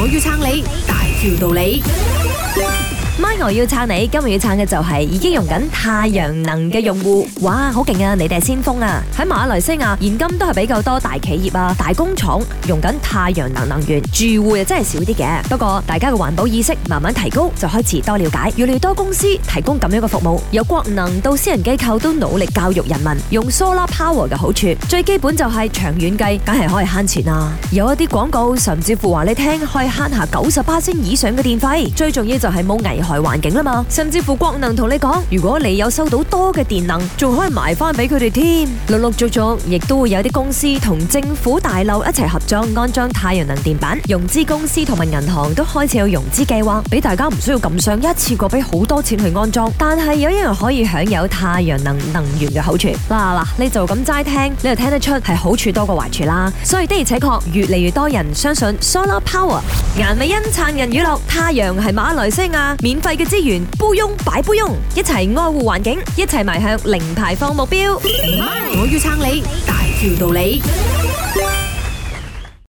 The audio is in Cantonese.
我要撐你，大條道理。my 我要撐你，今日要撐嘅就係已經用緊太陽能嘅用戶，哇，好勁啊！你哋先鋒啊！喺馬來西亞，現今都係比較多大企業啊、大工廠用緊太陽能能源，住戶又真係少啲嘅。不過大家嘅環保意識慢慢提高，就開始多了解，越嚟越多公司提供咁樣嘅服務，由國能到私人機構都努力教育人民用 solar power 嘅好處。最基本就係長遠計，梗係可以慳錢啊！有一啲廣告甚至乎話你聽可以慳下九十八升以上嘅電費，最重要就係冇危害。台環境啦嘛，甚至乎國能同你講，如果你有收到多嘅電能，仲可以賣翻俾佢哋添。陸陸續續亦都會有啲公司同政府大樓一齊合作安裝太陽能電板，融資公司同埋銀行都開始有融資計劃，俾大家唔需要咁想一次過俾好多錢去安裝。但係有一樣可以享有太陽能能源嘅好處。嗱嗱，你就咁齋聽，你就聽得出係好處多過壞處啦。所以的而且確，越嚟越多人相信 solar power。顏美恩燦人雨落，太陽係馬來西亞費嘅資源，杯擁擺杯擁，一齊愛護環境，一齊邁向零排放目標。MY、哎，我要撐你，大條道理。